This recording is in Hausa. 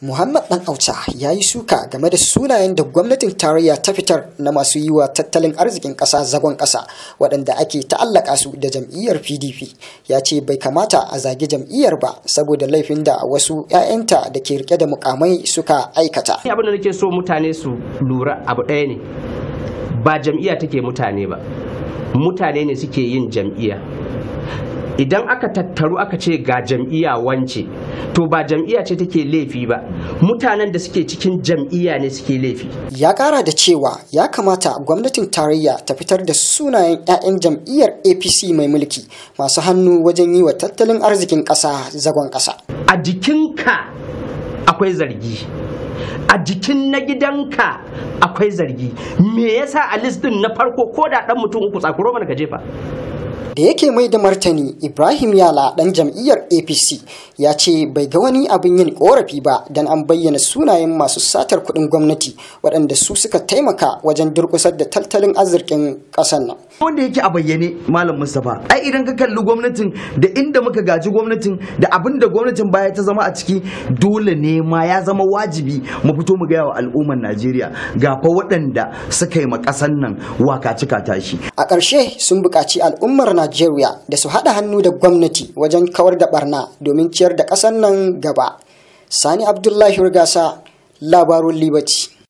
Muhammad Dan Auta ya yi suka game da sunayen da gwamnatin tarayya ta fitar na masu yi wa tattalin arzikin ƙasa zagon ƙasa waɗanda ake ta'allaka su da jam'iyyar PDP. Ya ce bai kamata a zagi jam'iyyar ba saboda laifin da wasu 'ya'yanta da ke rike da mukamai suka aikata. Abin da nake so mutane su lura abu ɗaya ne. Ba jam'iyya take mutane ba. Mutane ne suke yin jam'iyya. idan aka tattaru aka ce ga jam'iyya wance to ba jam'iyya ce take laifi ba mutanen da suke cikin jam'iyya ne suke laifi ya kara da cewa ya kamata gwamnatin tarayya ta fitar da sunayen 'ya'yan jam'iyyar apc mai mulki masu hannu wajen yi wa tattalin arzikin ƙasa zagon ƙasa a jikinka akwai zargi a jikin na gidanka akwai zargi me yasa a listin na farko ko da ɗan mutum uku tsakuro mana ka jefa da yake mai da martani ibrahim yala dan jam'iyyar apc ya ce bai ga wani abin yin korafi ba don an bayyana sunayen masu satar kuɗin gwamnati waɗanda su suka taimaka wajen durkusar da tattalin arzikin ƙasar nan wanda yake a bayyane malam mustapha ai idan ka kalli gwamnatin da inda muka gaji gwamnatin da abin da gwamnatin baya ta zama a ciki dole ne ma ya zama wajibi mu fito mu gaya wa al'ummar najeriya ga fa waɗanda suka yi ma ƙasar nan waka cika tashi a ƙarshe sun buƙaci al'ummar al'ummar Najeriya da su haɗa hannu da gwamnati wajen kawar da barna domin ciyar da ƙasar nan gaba. Sani Abdullahi Rigasa, labarun Liberty.